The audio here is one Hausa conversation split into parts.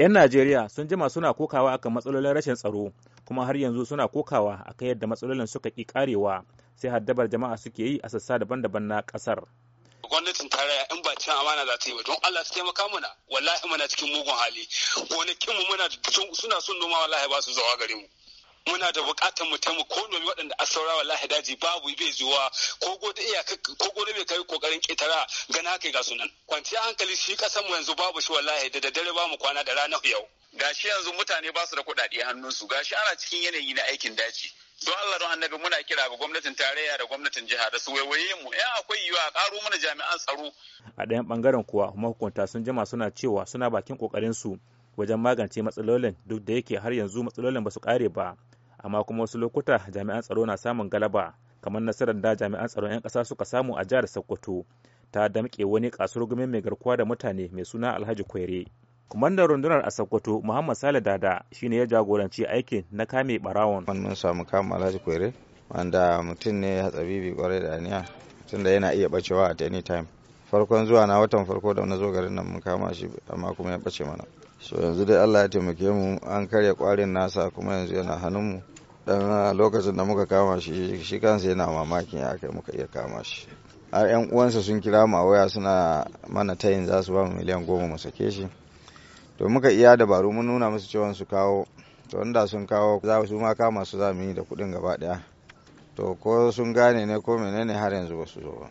'Yan Najeriya sun jima suna kokawa akan matsalolin rashin tsaro kuma har yanzu suna kokawa akan yadda matsalolin suka ƙi karewa sai haddabar jama'a suke yi a sassa daban-daban na ƙasar. gwamnatin tarayya in ba cin amana za ta yi ba don Allah ta taimaka mana wallahi muna cikin mugun hali gonakin mu muna suna son noma wallahi ba su zawa gare mu muna da bukatar mu taimako ko nomi waɗanda a saurawa wallahi daji babu bai zuwa ko gode iya ko gode bai kai kokarin ketara gana haka ga sunan kwanciya hankali shi kasan mu yanzu babu shi wallahi da dare ba mu kwana da rana yau gashi yanzu mutane ba su da kuɗaɗe hannunsu gashi ana cikin yanayi na aikin daji don Allah don annabi muna kira ga gwamnatin tarayya da gwamnatin jiha da su waiwaye mu yan akwai yiwa a karo mana jami'an tsaro a ɗayan bangaren kuwa mahukunta sun jima suna cewa suna bakin kokarin su wajen magance matsalolin duk da yake har yanzu matsalolin ba su kare ba amma kuma wasu lokuta jami'an tsaro na samun galaba kamar nasarar da jami'an tsaron 'yan ƙasa suka samu a jihar sokoto ta damƙe wani kasurgumin mai garkuwa da mutane mai suna alhaji kwere kwamandan rundunar a sokoto muhammad sale dada shine ya jagoranci aikin na kame barawon mun samu kama alhaji kwere wanda mutum ne ya tsabibi kwarai da aniya tunda yana iya bacewa at any time farkon zuwa na watan farko da na zo garin nan mun kama shi amma kuma ya bace mana so yanzu dai Allah ya taimake mu an karya kwarin nasa kuma yanzu yana hannun mu dan lokacin da muka kama shi shi kansa yana mamakin ya kai muka iya kama shi a yan uwansa sun kira mu a waya suna mana tayin za su ba mu miliyan goma mu sake shi to muka iya dabaru mun nuna musu cewa su kawo to wanda sun kawo za su ma kama su za mu yi da kuɗin gaba ɗaya to ko sun gane ne ko menene har yanzu ba su zo ba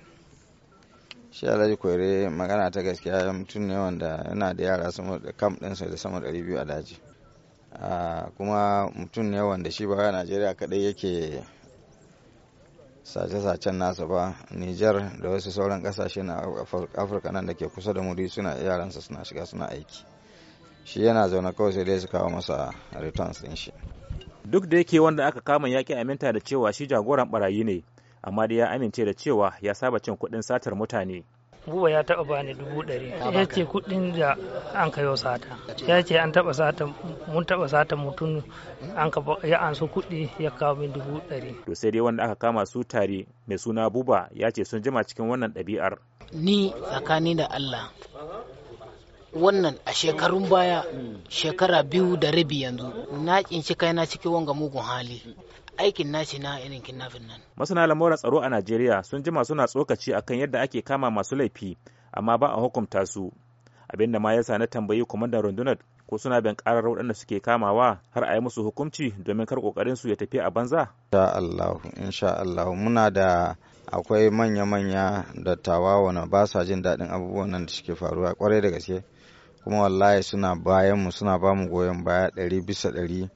shi alhaji kwere magana ta gaskiya mutum ne wanda yana da yara sama da kam ɗinsa da sama da biyu a daji ah, kuma mutum ne wanda shi baya najeriya kaɗai yake sace-sacen nasa ba niger da wasu sauran ƙasashe na afirka nan da ke kusa da muri suna yaransa suna shiga suna aiki shi yana zaune kawai sai dai su kawo masa returns ɗin shi duk da yake wanda aka kama yaƙi aminta da cewa shi jagoran barayi ne amma dai ya amince da cewa ya saba cin kuɗin satar mutane buba ya taba bani dubu ɗari ya ce kuɗin da an kayo sata ya ce an taba sata mun taba sata mutum an ya ansu kuɗi ya kawo min dubu ɗari to sai dai wanda aka kama su tare mai suna buba ya ce sun jima cikin wannan ɗabi'ar ni tsakani da Allah wannan a shekarun baya shekara biyu da rabi yanzu na kinshi kaina cikin wanga mugun hali aikin nashi na irin kidnapping nan. Masana lamura tsaro a Najeriya sun jima suna tsokaci akan yadda ake kama masu laifi amma ba a hukumta su. Abin da ma yasa na tambayi kwamandan rundunar ko suna bin karar waɗanda suke kamawa har a yi musu hukunci domin kar kokarin su ya tafi a banza. Insha Allah, insha Allah muna da akwai manya-manya da dattawa na ba sa jin daɗin abubuwan nan da suke faruwa kwarai da gaske. kuma wallahi suna bayan mu suna ba mu goyon baya ɗari bisa ɗari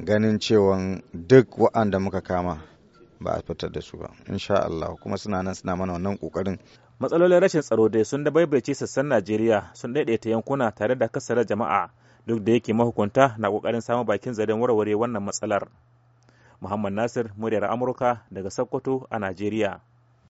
ganin cewa duk wa'anda muka kama ba a fitar da su ba insha Allah kuma suna nan suna mana wannan kokarin matsalolin rashin tsaro dai sun da baibaice sassan Najeriya sun daidaita yankuna tare da kasarar jama'a duk da yake mahukunta na kokarin samun bakin zaren warware wannan matsalar Muhammad Nasir muryar Amurka daga Sokoto a Najeriya